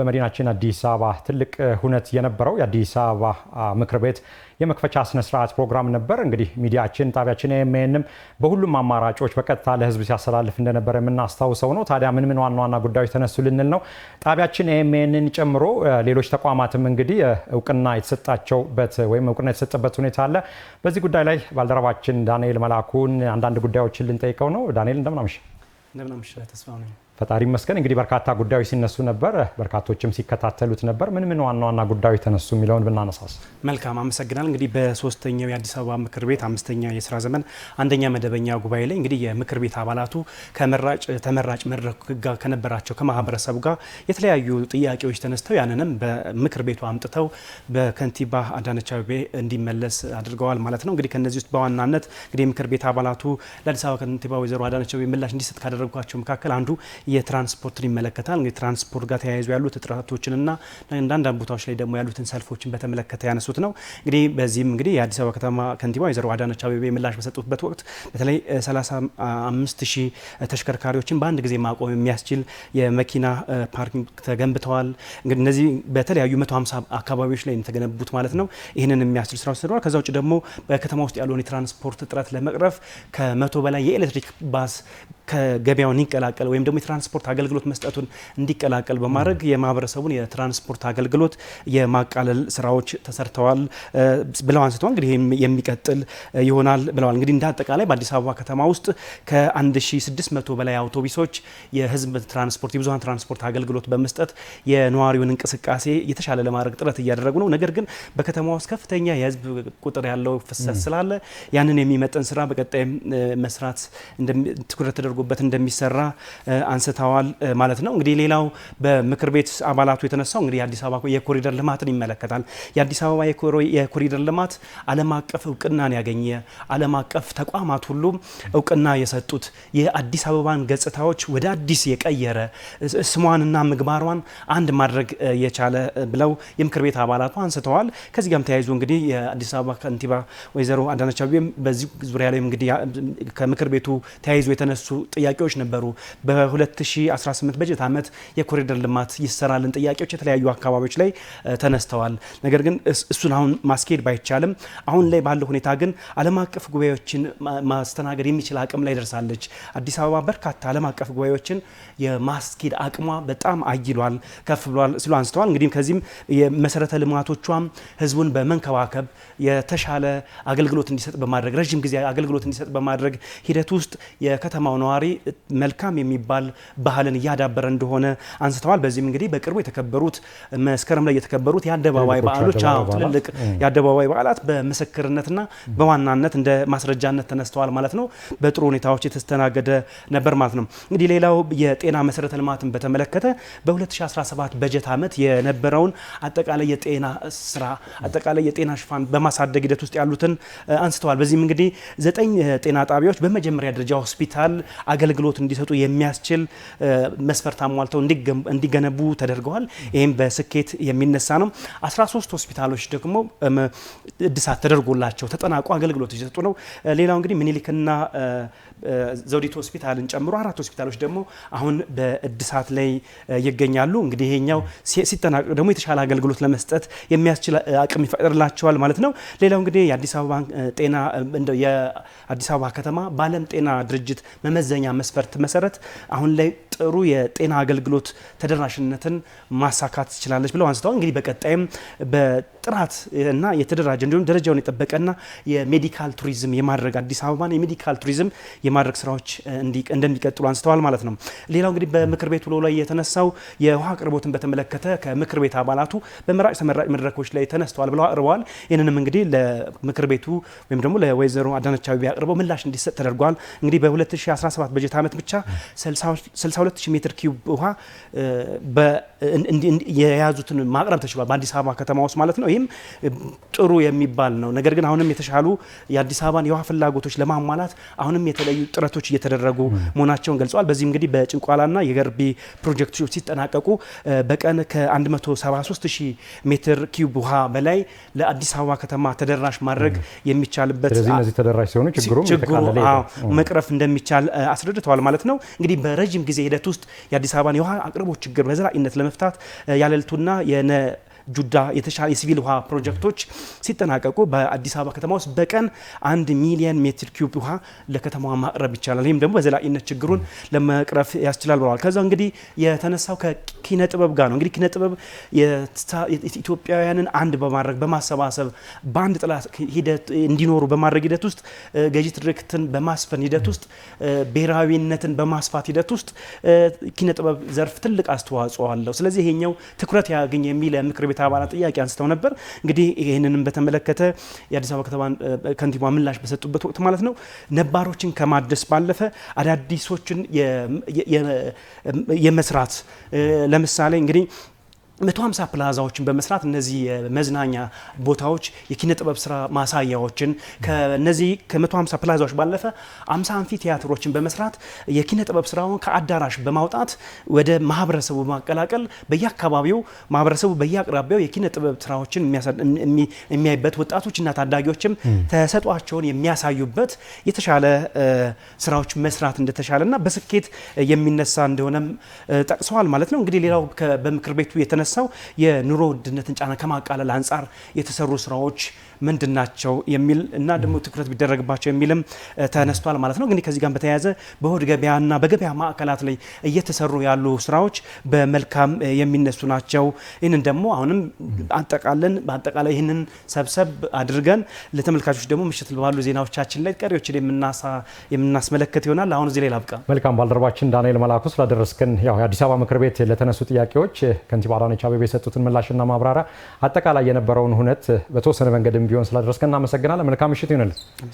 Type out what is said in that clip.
በመዲናችን አዲስ አበባ ትልቅ ሁነት የነበረው የአዲስ አበባ ምክር ቤት የመክፈቻ ስነስርዓት ፕሮግራም ነበር። እንግዲህ ሚዲያችን ጣቢያችን ኤኤምኤንም በሁሉም አማራጮች በቀጥታ ለህዝብ ሲያስተላልፍ እንደነበረ የምናስታውሰው ነው። ታዲያ ምን ምን ዋና ዋና ጉዳዮች ተነሱ ልንል ነው። ጣቢያችን ኤምኤንን ጨምሮ ሌሎች ተቋማትም እንግዲህ እውቅና የተሰጣቸውበት ወይም እውቅና የተሰጠበት ሁኔታ አለ። በዚህ ጉዳይ ላይ ባልደረባችን ዳንኤል መላኩን አንዳንድ ጉዳዮችን ልንጠይቀው ነው። ዳንኤል እንደምናምሽ እንደምናምሽ ተስፋ ነኝ። ፈጣሪ መስገን እንግዲህ በርካታ ጉዳዮች ሲነሱ ነበር፣ በርካቶችም ሲከታተሉት ነበር። ምን ምን ዋና ዋና ጉዳዮች ተነሱ የሚለውን ብናነሳስ መልካም። አመሰግናል። እንግዲህ በሶስተኛው የአዲስ አበባ ምክር ቤት አምስተኛ የስራ ዘመን አንደኛ መደበኛ ጉባኤ ላይ እንግዲህ የምክር ቤት አባላቱ ከመራጭ ተመራጭ መድረክ ጋር ከነበራቸው ከማህበረሰቡ ጋር የተለያዩ ጥያቄዎች ተነስተው ያንንም በምክር ቤቱ አምጥተው በከንቲባ አዳነች አቤቤ እንዲመለስ አድርገዋል ማለት ነው። እንግዲህ ከነዚህ ውስጥ በዋናነት እንግዲህ የምክር ቤት አባላቱ ለአዲስ አበባ ከንቲባ ወይዘሮ አዳነች አቤቤ ምላሽ እንዲሰጥ ካደረጓቸው መካከል አንዱ የትራንስፖርትን ይመለከታል። እንግዲህ ትራንስፖርት ጋር ተያይዞ ያሉት እጥረቶችንና አንዳንድ ቦታዎች ላይ ደግሞ ያሉትን ሰልፎችን በተመለከተ ያነሱት ነው። እንግዲህ በዚህም እንግዲህ የአዲስ አበባ ከተማ ከንቲባ ወይዘሮ አዳነች አቤቤ ምላሽ በሰጡበት ወቅት በተለይ 35 ሺህ ተሽከርካሪዎችን በአንድ ጊዜ ማቆም የሚያስችል የመኪና ፓርኪንግ ተገንብተዋል። እንግዲህ እነዚህ በተለያዩ 150 አካባቢዎች ላይ የተገነቡት ማለት ነው። ይህንን የሚያስችል ስራ ተሰድሯል። ከዛ ውጭ ደግሞ በከተማ ውስጥ ያለውን የትራንስፖርት እጥረት ለመቅረፍ ከመቶ በላይ የኤሌክትሪክ ባስ ከገበያውን ይቀላቀል ወይም ደግሞ የትራንስፖርት አገልግሎት መስጠቱን እንዲቀላቀል በማድረግ የማህበረሰቡን የትራንስፖርት አገልግሎት የማቃለል ስራዎች ተሰርተዋል ብለው አንስተዋል። እንግዲህ የሚቀጥል ይሆናል ብለዋል። እንግዲህ እንደ አጠቃላይ በአዲስ አበባ ከተማ ውስጥ ከ1600 በላይ አውቶቡሶች የህዝብ ትራንስፖርት የብዙሀን ትራንስፖርት አገልግሎት በመስጠት የነዋሪውን እንቅስቃሴ የተሻለ ለማድረግ ጥረት እያደረጉ ነው። ነገር ግን በከተማ ውስጥ ከፍተኛ የህዝብ ቁጥር ያለው ፍሰት ስላለ ያንን የሚመጥን ስራ በቀጣይ መስራት ትኩረት ተደርጎበት እንደሚሰራ አንስተዋል ማለት ነው። እንግዲህ ሌላው በምክር ቤት አባላቱ የተነሳው እንግዲህ የአዲስ አበባ የኮሪደር ልማትን ይመለከታል። የአዲስ አበባ የኮሪደር ልማት ዓለም አቀፍ እውቅናን ያገኘ ዓለም አቀፍ ተቋማት ሁሉ እውቅና የሰጡት የአዲስ አበባን ገጽታዎች ወደ አዲስ የቀየረ ስሟንና ምግባሯን አንድ ማድረግ የቻለ ብለው የምክር ቤት አባላቱ አንስተዋል። ከዚህ ጋም ተያይዞ እንግዲህ የአዲስ አበባ ከንቲባ ወይዘሮ አዳነች አቤቤም በዚህ ዙሪያ ላይ እንግዲህ ከምክር ቤቱ ተያይዞ የተነሱ ጥያቄዎች ነበሩ። በሁለት 2018 በጀት ዓመት የኮሪደር ልማት ይሰራልን ጥያቄዎች የተለያዩ አካባቢዎች ላይ ተነስተዋል። ነገር ግን እሱን አሁን ማስኬድ ባይቻልም አሁን ላይ ባለው ሁኔታ ግን ዓለም አቀፍ ጉባኤዎችን ማስተናገድ የሚችል አቅም ላይ ደርሳለች። አዲስ አበባ በርካታ ዓለም አቀፍ ጉባኤዎችን የማስኬድ አቅሟ በጣም አይሏል፣ ከፍ ብሏል ሲሉ አንስተዋል። እንግዲህ ከዚህም የመሰረተ ልማቶቿም ህዝቡን በመንከባከብ የተሻለ አገልግሎት እንዲሰጥ በማድረግ ረዥም ጊዜ አገልግሎት እንዲሰጥ በማድረግ ሂደት ውስጥ የከተማው ነዋሪ መልካም የሚባል ባህልን እያዳበረ እንደሆነ አንስተዋል። በዚህም እንግዲህ በቅርቡ የተከበሩት መስከረም ላይ የተከበሩት የአደባባይ በዓሎች ትልልቅ የአደባባይ በዓላት በምስክርነትና በዋናነት እንደ ማስረጃነት ተነስተዋል ማለት ነው። በጥሩ ሁኔታዎች የተስተናገደ ነበር ማለት ነው። እንግዲህ ሌላው የጤና መሰረተ ልማትን በተመለከተ በ2017 በጀት ዓመት የነበረውን አጠቃላይ የጤና ስራ አጠቃላይ የጤና ሽፋን በማሳደግ ሂደት ውስጥ ያሉትን አንስተዋል። በዚህም እንግዲህ ዘጠኝ ጤና ጣቢያዎች በመጀመሪያ ደረጃ ሆስፒታል አገልግሎት እንዲሰጡ የሚያስችል መስፈርት አሟልተው እንዲገነቡ ተደርገዋል። ይህም በስኬት የሚነሳ ነው። 13 ሆስፒታሎች ደግሞ እድሳት ተደርጎላቸው ተጠናቁ አገልግሎት እየሰጡ ነው። ሌላው እንግዲህ ምኒልክና ዘውዲቱ ሆስፒታልን ጨምሮ አራት ሆስፒታሎች ደግሞ አሁን በእድሳት ላይ ይገኛሉ። እንግዲህ ይሄኛው ሲጠናቀቅ ደግሞ የተሻለ አገልግሎት ለመስጠት የሚያስችል አቅም ይፈጥርላቸዋል ማለት ነው። ሌላው እንግዲህ የአዲስ አበባ ጤና የአዲስ አበባ ከተማ በዓለም ጤና ድርጅት መመዘኛ መስፈርት መሰረት አሁን ላይ ጥሩ የጤና አገልግሎት ተደራሽነትን ማሳካት ትችላለች ብለው አንስተዋል። እንግዲህ በቀጣይም በጥራት እና የተደራጀ እንዲሁም ደረጃውን የጠበቀና የሜዲካል ቱሪዝም የማድረግ አዲስ አበባን የሜዲካል ቱሪዝም የማድረግ ስራዎች እንደሚቀጥሉ አንስተዋል ማለት ነው። ሌላው እንግዲህ በምክር ቤት ውሎ ላይ የተነሳው የውሃ አቅርቦትን በተመለከተ ከምክር ቤት አባላቱ በመራጭ ተመራጭ መድረኮች ላይ ተነስተዋል ብለው አቅርበዋል። ይህንንም እንግዲህ ለምክር ቤቱ ወይም ደግሞ ለወይዘሮ አዳነች አቤቤ አቅርበው ምላሽ እንዲሰጥ ተደርጓል። እንግዲህ በ2017 በጀት ዓመት ብቻ 62000 ሜትር ኪዩብ ውሃ የያዙትን ማቅረብ ተችሏል በአዲስ አበባ ከተማ ውስጥ ማለት ነው። ይህም ጥሩ የሚባል ነው። ነገር ግን አሁንም የተሻሉ የአዲስ አበባን የውሃ ፍላጎቶች ለማሟላት አሁንም የተለያዩ ጥረቶች እየተደረጉ መሆናቸውን ገልጸዋል። በዚህም እንግዲህ በጭንቋላና የገርቢ ፕሮጀክቶች ሲጠናቀቁ በቀን ከ173000 ሜትር ኪዩብ ውሃ በላይ ለአዲስ አበባ ከተማ ተደራሽ ማድረግ የሚቻልበት ስለዚህ እነዚህ ተደራሽ ሲሆኑ ችግሩ መቅረፍ እንደሚቻል አስረድተዋል ማለት ነው። እንግዲህ በረዥም ረጅም ጊዜ ሂደት ውስጥ የአዲስ አበባን የውሃ አቅርቦት ችግር በዘላቂነት ለመፍታት ያለልቱና ጁዳ የተሻለ የሲቪል ውሃ ፕሮጀክቶች ሲጠናቀቁ በአዲስ አበባ ከተማ ውስጥ በቀን አንድ ሚሊየን ሜትር ኪዩብ ውሃ ለከተማዋ ማቅረብ ይቻላል። ይህም ደግሞ በዘላቂነት ችግሩን ለመቅረፍ ያስችላል ብለዋል። ከዛ እንግዲህ የተነሳው ከኪነ ጥበብ ጋር ነው። እንግዲህ ኪነ ጥበብ ኢትዮጵያውያንን አንድ በማድረግ በማሰባሰብ በአንድ ጥላ ሂደት እንዲኖሩ በማድረግ ሂደት ውስጥ ገዢ ትርክትን በማስፈን ሂደት ውስጥ ብሔራዊነትን በማስፋት ሂደት ውስጥ ኪነ ጥበብ ዘርፍ ትልቅ አስተዋጽኦ አለው። ስለዚህ ይሄኛው ትኩረት ያገኝ የሚል ምክር ቤት አባላት ጥያቄ አንስተው ነበር። እንግዲህ ይህንንም በተመለከተ የአዲስ አበባ ከተማ ከንቲባ ምላሽ በሰጡበት ወቅት ማለት ነው ነባሮችን ከማደስ ባለፈ አዳዲሶችን የመስራት ለምሳሌ እንግዲህ 150 ፕላዛዎችን በመስራት እነዚህ የመዝናኛ ቦታዎች የኪነ ጥበብ ስራ ማሳያዎችን ከነዚህ ከ150 ፕላዛዎች ባለፈ 50 አንፊ ቲያትሮችን በመስራት የኪነ ጥበብ ስራውን ከአዳራሽ በማውጣት ወደ ማህበረሰቡ በማቀላቀል በየአካባቢው ማህበረሰቡ በየአቅራቢያው የኪነ ጥበብ ስራዎችን የሚያይበት ወጣቶችና ታዳጊዎችም ተሰጧቸውን የሚያሳዩበት የተሻለ ስራዎች መስራት እንደተሻለ እና በስኬት የሚነሳ እንደሆነም ጠቅሰዋል ማለት ነው። እንግዲህ ሌላው በምክር ቤቱ የተነሳ የተነሳው የኑሮ ውድነትን ጫና ከማቃለል አንጻር የተሰሩ ስራዎች ምንድን ናቸው የሚል እና ደግሞ ትኩረት ቢደረግባቸው የሚልም ተነስቷል ማለት ነው። ግን ከዚህ ጋር በተያያዘ በሆድ ገበያና በገበያ ማዕከላት ላይ እየተሰሩ ያሉ ስራዎች በመልካም የሚነሱ ናቸው። ይህንን ደግሞ አሁንም አጠቃለን በአጠቃላይ ይህንን ሰብሰብ አድርገን ለተመልካቾች ደግሞ ምሽት ባሉ ዜናዎቻችን ላይ ቀሪዎችን የምናስመለከት ይሆናል። አሁን እዚህ ላይ ላብቃ። መልካም ባልደረባችን ዳንኤል መላኩ ስላደረስክን የአዲስ አበባ ምክር ቤት ለተነሱ ጥያቄዎች ከንቲባ አዳነች አዳነች የሰጡትን ምላሽና ማብራሪያ አጠቃላይ የነበረውን ሁነት በተወሰነ መንገድም ቢሆን ስላደረስከ እናመሰግናለን። መልካም ምሽት ይሆንልን።